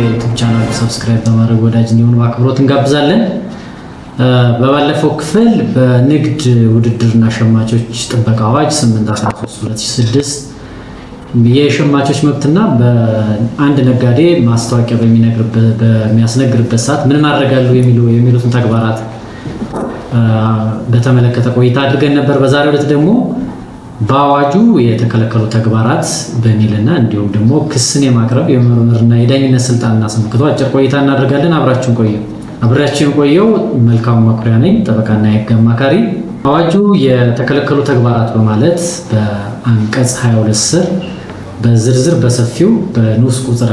የዩቱብ ቻናል ሰብስክራይብ በማድረግ ወዳጅ እንዲሆኑ በአክብሮት እንጋብዛለን። በባለፈው ክፍል በንግድ ውድድርና ሸማቾች ጥበቃ አዋጅ 813/2006 የሸማቾች መብትና በአንድ ነጋዴ ማስታወቂያ በሚያስነግርበት ሰዓት ምን ማድረጋሉ የሚሉ የሚሉትን ተግባራት በተመለከተ ቆይታ አድርገን ነበር። በዛሬው ዕለት ደግሞ በአዋጁ የተከለከሉ ተግባራት በሚልና እንዲሁም ደግሞ ክስን የማቅረብ የምርምርና የዳኝነት ስልጣን አስመልክቶ አጭር ቆይታ እናደርጋለን። አብራችን ቆዩ። አብራችን ቆየው። መልካሙ መኩሪያ ነኝ፣ ጠበቃና የህግ አማካሪ። አዋጁ የተከለከሉ ተግባራት በማለት በአንቀጽ 22 ስር በዝርዝር በሰፊው በንዑስ ቁጥር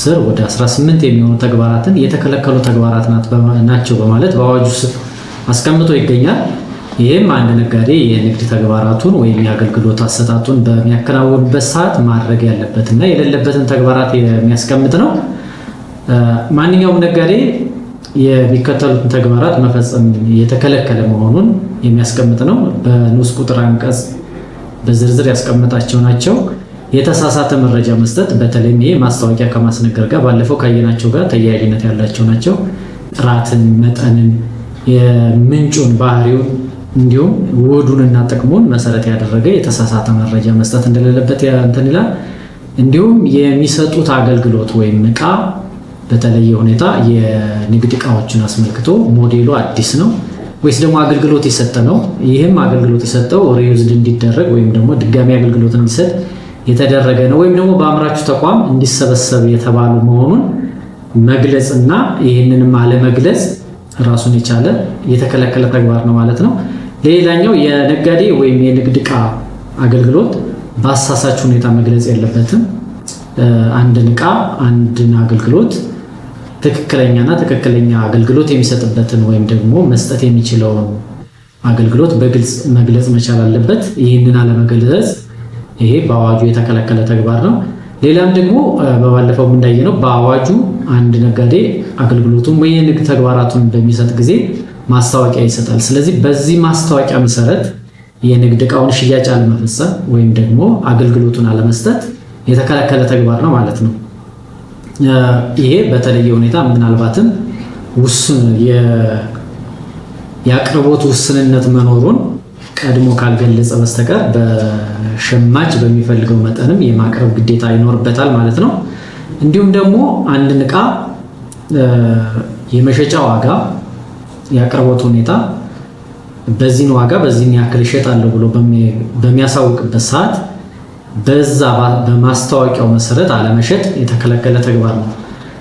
ስር ወደ 18 የሚሆኑ ተግባራትን የተከለከሉ ተግባራት ናቸው በማለት በአዋጁ ስር አስቀምጦ ይገኛል። ይህም አንድ ነጋዴ የንግድ ተግባራቱን ወይም የአገልግሎት አሰጣጡን በሚያከናውንበት ሰዓት ማድረግ ያለበትና የሌለበትን ተግባራት የሚያስቀምጥ ነው። ማንኛውም ነጋዴ የሚከተሉትን ተግባራት መፈጸም የተከለከለ መሆኑን የሚያስቀምጥ ነው። በንዑስ ቁጥር አንቀጽ በዝርዝር ያስቀመጣቸው ናቸው። የተሳሳተ መረጃ መስጠት፣ በተለይም ይሄ ማስታወቂያ ከማስነገር ጋር ባለፈው ካየናቸው ጋር ተያያዥነት ያላቸው ናቸው። ጥራትን፣ መጠንን፣ የምንጩን ባህሪውን እንዲሁም ውህዱንና ጥቅሙን መሰረት ያደረገ የተሳሳተ መረጃ መስጠት እንደሌለበት እንትን ይላል። እንዲሁም የሚሰጡት አገልግሎት ወይም እቃ በተለየ ሁኔታ የንግድ እቃዎችን አስመልክቶ ሞዴሉ አዲስ ነው ወይስ ደግሞ አገልግሎት የሰጠ ነው? ይህም አገልግሎት የሰጠው ሪዩዝድ እንዲደረግ ወይም ደግሞ ድጋሚ አገልግሎት እንዲሰጥ የተደረገ ነው ወይም ደግሞ በአምራቹ ተቋም እንዲሰበሰብ የተባሉ መሆኑን መግለጽና ይህንንም አለመግለጽ ራሱን የቻለ የተከለከለ ተግባር ነው ማለት ነው። ሌላኛው የነጋዴ ወይም የንግድ እቃ አገልግሎት በአሳሳች ሁኔታ መግለጽ የለበትም። አንድን ዕቃ አንድን አገልግሎት ትክክለኛና ትክክለኛ አገልግሎት የሚሰጥበትን ወይም ደግሞ መስጠት የሚችለውን አገልግሎት በግልጽ መግለጽ መቻል አለበት። ይህንን አለመግለጽ ይሄ በአዋጁ የተከለከለ ተግባር ነው። ሌላም ደግሞ በባለፈው እንዳየነው በአዋጁ አንድ ነጋዴ አገልግሎቱን ወይ የንግድ ተግባራቱን በሚሰጥ ጊዜ ማስታወቂያ ይሰጣል። ስለዚህ በዚህ ማስታወቂያ መሰረት የንግድ እቃውን ሽያጭ አለመፈጸም ወይም ደግሞ አገልግሎቱን አለመስጠት የተከለከለ ተግባር ነው ማለት ነው። ይሄ በተለየ ሁኔታ ምናልባትም ውስን የአቅርቦት ውስንነት መኖሩን ቀድሞ ካልገለጸ በስተቀር በሸማች በሚፈልገው መጠንም የማቅረብ ግዴታ ይኖርበታል ማለት ነው። እንዲሁም ደግሞ አንድን እቃ የመሸጫ ዋጋ የአቅርቦት ሁኔታ በዚህን ዋጋ በዚህን ያክል ይሸጣለሁ ብሎ በሚያሳውቅበት ሰዓት በዛ በማስታወቂያው መሰረት አለመሸጥ የተከለከለ ተግባር ነው።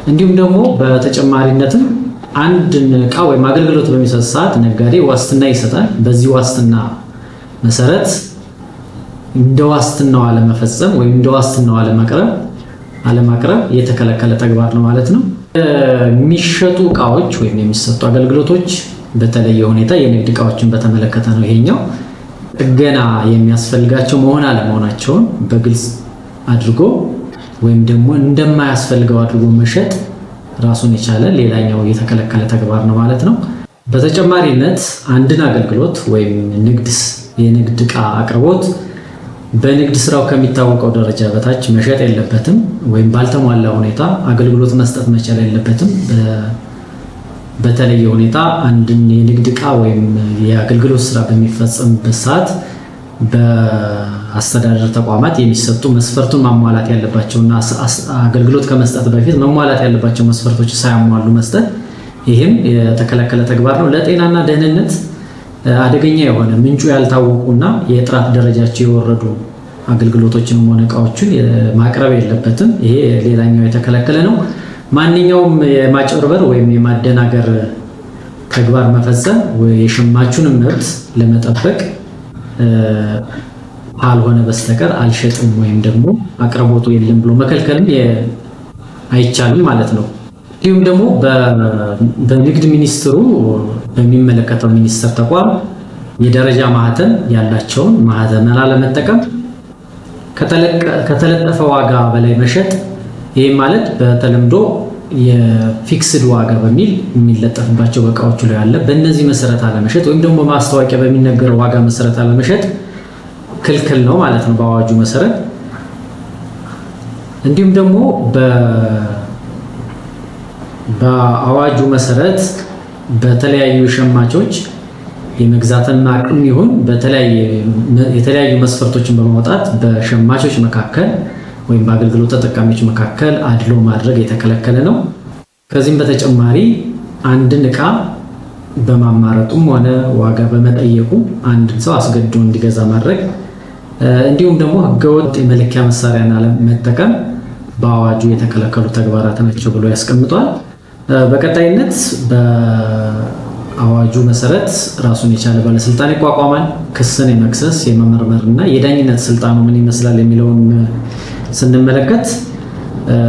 እንዲሁም ደግሞ በተጨማሪነትም አንድን እቃ ወይም አገልግሎት በሚሰጥ ሰዓት ነጋዴ ዋስትና ይሰጣል። በዚህ ዋስትና መሰረት እንደ ዋስትናው አለመፈጸም ወይም እንደ ዋስትናው አለመቅረብ አለማቅረብ የተከለከለ ተግባር ነው ማለት ነው። የሚሸጡ እቃዎች ወይም የሚሰጡ አገልግሎቶች በተለየ ሁኔታ የንግድ እቃዎችን በተመለከተ ነው ይሄኛው። ጥገና የሚያስፈልጋቸው መሆን አለመሆናቸውን በግልጽ አድርጎ ወይም ደግሞ እንደማያስፈልገው አድርጎ መሸጥ ራሱን የቻለ ሌላኛው የተከለከለ ተግባር ነው ማለት ነው። በተጨማሪነት አንድን አገልግሎት ወይም ንግድ የንግድ እቃ አቅርቦት በንግድ ስራው ከሚታወቀው ደረጃ በታች መሸጥ የለበትም ወይም ባልተሟላ ሁኔታ አገልግሎት መስጠት መቻል የለበትም። በተለየ ሁኔታ አንድን የንግድ እቃ ወይም የአገልግሎት ስራ በሚፈጸምበት ሰዓት በአስተዳደር ተቋማት የሚሰጡ መስፈርቱን ማሟላት ያለባቸውና አገልግሎት ከመስጠት በፊት መሟላት ያለባቸው መስፈርቶች ሳያሟሉ መስጠት፣ ይህም የተከለከለ ተግባር ነው። ለጤናና ደህንነት አደገኛ የሆነ ምንጩ ያልታወቁና የጥራት ደረጃቸው የወረዱ አገልግሎቶችንም ሆነ እቃዎችን ማቅረብ የለበትም። ይሄ ሌላኛው የተከለከለ ነው። ማንኛውም የማጭበርበር ወይም የማደናገር ተግባር መፈጸም የሸማቹንም መብት ለመጠበቅ ካልሆነ በስተቀር አልሸጥም ወይም ደግሞ አቅርቦቱ የለም ብሎ መከልከልም አይቻልም ማለት ነው። እንዲሁም ደግሞ በንግድ ሚኒስትሩ በሚመለከተው ሚኒስቴር ተቋም የደረጃ ማህተም ያላቸውን ማህተመና ለመጠቀም ከተለጠፈ ዋጋ በላይ መሸጥ፣ ይህም ማለት በተለምዶ የፊክስድ ዋጋ በሚል የሚለጠፍባቸው በእቃዎቹ ላይ ያለ በእነዚህ መሰረት አለመሸጥ ወይም ደግሞ በማስታወቂያ በሚነገረው ዋጋ መሰረት አለመሸጥ ክልክል ነው ማለት ነው በአዋጁ መሰረት እንዲሁም ደግሞ በአዋጁ መሰረት በተለያዩ ሸማቾች የመግዛትና አቅም ይሁን የተለያዩ መስፈርቶችን በማውጣት በሸማቾች መካከል ወይም በአገልግሎት ተጠቃሚዎች መካከል አድሎ ማድረግ የተከለከለ ነው። ከዚህም በተጨማሪ አንድን እቃ በማማረጡም ሆነ ዋጋ በመጠየቁ አንድን ሰው አስገድዶ እንዲገዛ ማድረግ እንዲሁም ደግሞ ህገወጥ የመለኪያ መሳሪያን አለመጠቀም በአዋጁ የተከለከሉ ተግባራት ናቸው ብሎ ያስቀምጧል። በቀጣይነት በአዋጁ መሰረት ራሱን የቻለ ባለስልጣን ይቋቋማል። ክስን የመክሰስ የመመርመር እና የዳኝነት ስልጣኑ ምን ይመስላል የሚለውን ስንመለከት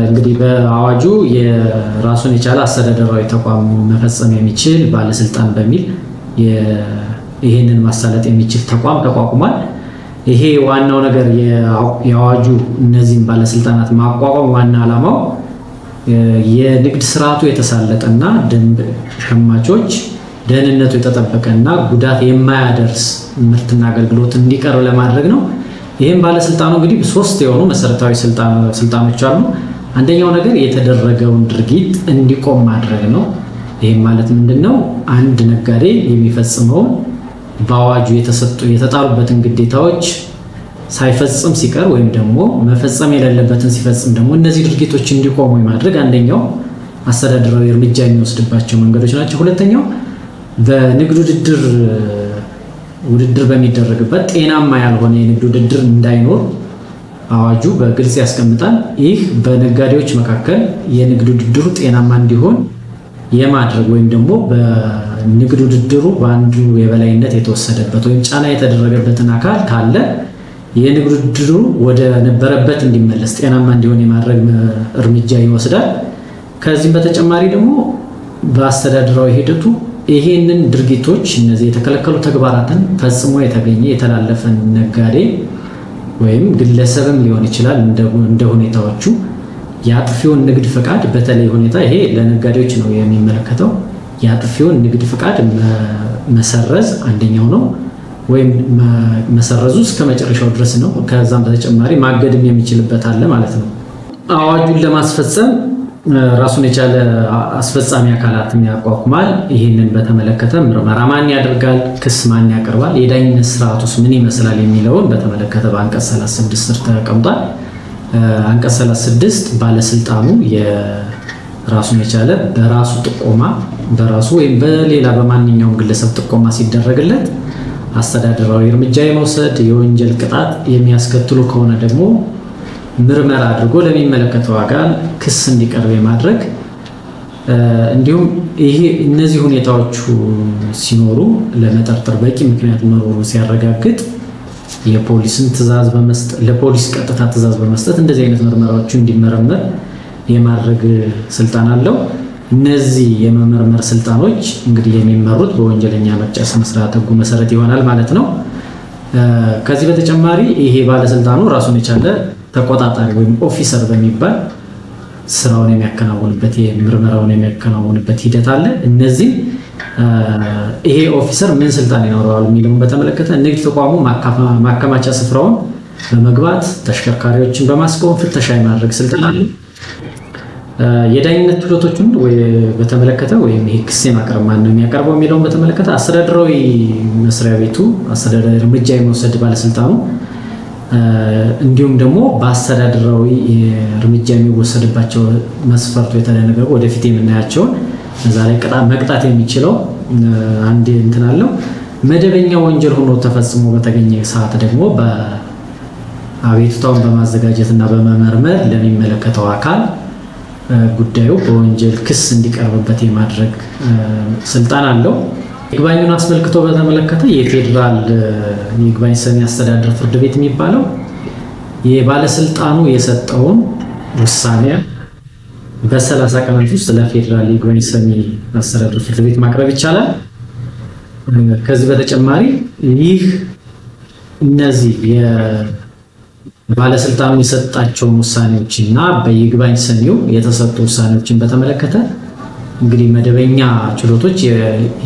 እንግዲህ በአዋጁ የራሱን የቻለ አስተዳደራዊ ተቋም መፈጸም የሚችል ባለስልጣን በሚል ይህንን ማሳለጥ የሚችል ተቋም ተቋቁሟል። ይሄ ዋናው ነገር የአዋጁ እነዚህን ባለስልጣናት ማቋቋም ዋና ዓላማው የንግድ ስርዓቱ የተሳለጠና ደንብ ሸማቾች ደህንነቱ የተጠበቀና ጉዳት የማያደርስ ምርትና አገልግሎት እንዲቀርብ ለማድረግ ነው። ይህም ባለስልጣኑ እንግዲህ ሶስት የሆኑ መሰረታዊ ስልጣኖች አሉ። አንደኛው ነገር የተደረገውን ድርጊት እንዲቆም ማድረግ ነው። ይህም ማለት ምንድን ነው? አንድ ነጋዴ የሚፈጽመውን በአዋጁ የተሰጡ የተጣሉበትን ግዴታዎች ሳይፈጽም ሲቀር ወይም ደግሞ መፈጸም የሌለበትን ሲፈጽም ደግሞ እነዚህ ድርጊቶች እንዲቆሙ የማድረግ አንደኛው አስተዳደራዊ እርምጃ የሚወስድባቸው መንገዶች ናቸው። ሁለተኛው በንግድ ውድድር ውድድር በሚደረግበት ጤናማ ያልሆነ የንግድ ውድድር እንዳይኖር አዋጁ በግልጽ ያስቀምጣል። ይህ በነጋዴዎች መካከል የንግድ ውድድሩ ጤናማ እንዲሆን የማድረግ ወይም ደግሞ በንግድ ውድድሩ በአንዱ የበላይነት የተወሰደበት ወይም ጫና የተደረገበትን አካል ካለ የንግድ ውድድሩ ወደ ነበረበት እንዲመለስ ጤናማ እንዲሆን የማድረግ እርምጃ ይወስዳል። ከዚህም በተጨማሪ ደግሞ በአስተዳደራዊ ሂደቱ ይሄንን ድርጊቶች እነዚህ የተከለከሉ ተግባራትን ፈጽሞ የተገኘ የተላለፈ ነጋዴ ወይም ግለሰብም ሊሆን ይችላል እንደ ሁኔታዎቹ የአጥፊውን ንግድ ፈቃድ በተለይ ሁኔታ ይሄ ለነጋዴዎች ነው የሚመለከተው። የአጥፊውን ንግድ ፈቃድ መሰረዝ አንደኛው ነው። ወይም መሰረዙ እስከ መጨረሻው ድረስ ነው። ከዛም በተጨማሪ ማገድም የሚችልበት አለ ማለት ነው። አዋጁን ለማስፈጸም ራሱን የቻለ አስፈጻሚ አካላትን ያቋቁማል። ይህንን በተመለከተ ምርመራ ማን ያደርጋል? ክስ ማን ያቀርባል? የዳኝነት ስርዓቱስ ምን ይመስላል? የሚለውን በተመለከተ በአንቀጽ 36 ስር ተቀምጧል። አንቀጽ 36 ባለስልጣኑ ራሱን የቻለ በራሱ ጥቆማ በራሱ ወይም በሌላ በማንኛውም ግለሰብ ጥቆማ ሲደረግለት አስተዳደራዊ እርምጃ የመውሰድ የወንጀል ቅጣት የሚያስከትሉ ከሆነ ደግሞ ምርመራ አድርጎ ለሚመለከተው አካል ክስ እንዲቀርብ የማድረግ እንዲሁም ይሄ እነዚህ ሁኔታዎቹ ሲኖሩ ለመጠርጠር በቂ ምክንያት መኖሩ ሲያረጋግጥ የፖሊስን ትዕዛዝ በመስጠት ለፖሊስ ቀጥታ ትዕዛዝ በመስጠት እንደዚህ አይነት ምርመራዎቹ እንዲመረመር የማድረግ ስልጣን አለው። እነዚህ የመመርመር ስልጣኖች እንግዲህ የሚመሩት በወንጀለኛ መቅጫ ስነስርዓት ህጉ መሰረት ይሆናል ማለት ነው። ከዚህ በተጨማሪ ይሄ ባለስልጣኑ ራሱን የቻለ ተቆጣጣሪ ወይም ኦፊሰር በሚባል ስራውን የሚያከናውንበት ምርመራውን የሚያከናውንበት ሂደት አለ። እነዚህ ይሄ ኦፊሰር ምን ስልጣን ይኖረዋል የሚለውን በተመለከተ ንግድ ተቋሙ ማከማቻ ስፍራውን በመግባት ተሽከርካሪዎችን በማስቆም ፍተሻ የማድረግ ስልጣን አለ። የዳኝነት ችሎቶችን በተመለከተ ወይም ይህ ክስ የማቅረብ ማን ነው የሚያቀርበው የሚለውን በተመለከተ አስተዳደራዊ መስሪያ ቤቱ አስተዳደር እርምጃ የመውሰድ ባለስልጣኑ እንዲሁም ደግሞ በአስተዳደራዊ እርምጃ የሚወሰድባቸው መስፈርቱ የተደነገጉ ወደፊት የምናያቸውን እዛ ላይ መቅጣት የሚችለው አንድ እንትን አለው። መደበኛ ወንጀል ሆኖ ተፈጽሞ በተገኘ ሰዓት ደግሞ በአቤቱታውን በማዘጋጀት እና በመመርመር ለሚመለከተው አካል ጉዳዩ በወንጀል ክስ እንዲቀርብበት የማድረግ ስልጣን አለው። ይግባኙን አስመልክቶ በተመለከተ የፌዴራል ይግባኝ ሰሚ አስተዳደር ፍርድ ቤት የሚባለው የባለስልጣኑ የሰጠውን ውሳኔ በሰላሳ ቀናት ውስጥ ለፌዴራል ይግባኝ ሰሚ አስተዳደር ፍርድ ቤት ማቅረብ ይቻላል። ከዚህ በተጨማሪ ይህ እነዚህ ባለስልጣኑ የሰጣቸውን ውሳኔዎች እና በይግባኝ ሰሚው የተሰጡ ውሳኔዎችን በተመለከተ እንግዲህ መደበኛ ችሎቶች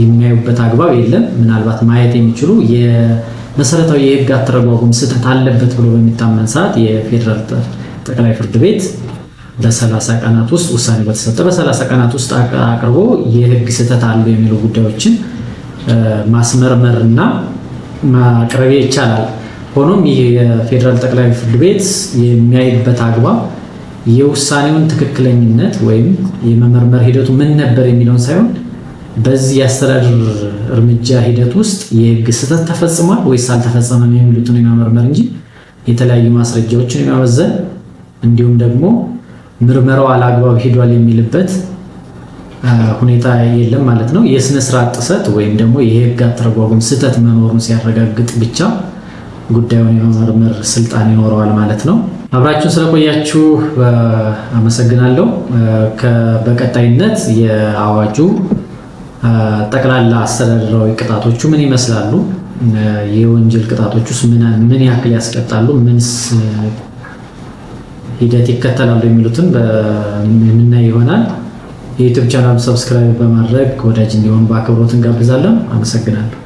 የሚያዩበት አግባብ የለም። ምናልባት ማየት የሚችሉ የመሰረታዊ የህግ አተረጓጎም ስህተት አለበት ብሎ በሚታመን ሰዓት የፌዴራል ጠቅላይ ፍርድ ቤት በሰላሳ ቀናት ውስጥ ውሳኔ በተሰጠ በሰላሳ ቀናት ውስጥ አቅርቦ የህግ ስህተት አሉ የሚሉ ጉዳዮችን ማስመርመርና ማቅረቤ ይቻላል። ሆኖም ይህ የፌዴራል ጠቅላይ ፍርድ ቤት የሚያይበት አግባብ የውሳኔውን ትክክለኝነት ወይም የመመርመር ሂደቱ ምን ነበር የሚለውን ሳይሆን በዚህ የአስተዳደር እርምጃ ሂደት ውስጥ የህግ ስህተት ተፈጽሟል ወይስ አልተፈጸመም የሚሉትን የመመርመር እንጂ የተለያዩ ማስረጃዎችን የመመዘን እንዲሁም ደግሞ ምርመራው አላግባብ ሂዷል የሚልበት ሁኔታ የለም ማለት ነው። የስነ ስርዓት ጥሰት ወይም ደግሞ የህግ አተረጓጎም ስህተት መኖሩን ሲያረጋግጥ ብቻ ጉዳዩን የመመርመር ስልጣን ይኖረዋል ማለት ነው። አብራችሁን ስለቆያችሁ አመሰግናለሁ። በቀጣይነት የአዋጁ ጠቅላላ አስተዳደራዊ ቅጣቶቹ ምን ይመስላሉ? የወንጀል ቅጣቶቹስ ምን ያክል ያስቀጣሉ? ምንስ ሂደት ይከተላሉ? የሚሉትን የምናይ ይሆናል። የዩቲዩብ ቻናል ሰብስክራይብ በማድረግ ወዳጅ እንዲሆኑ በአክብሮት እንጋብዛለን። አመሰግናለሁ።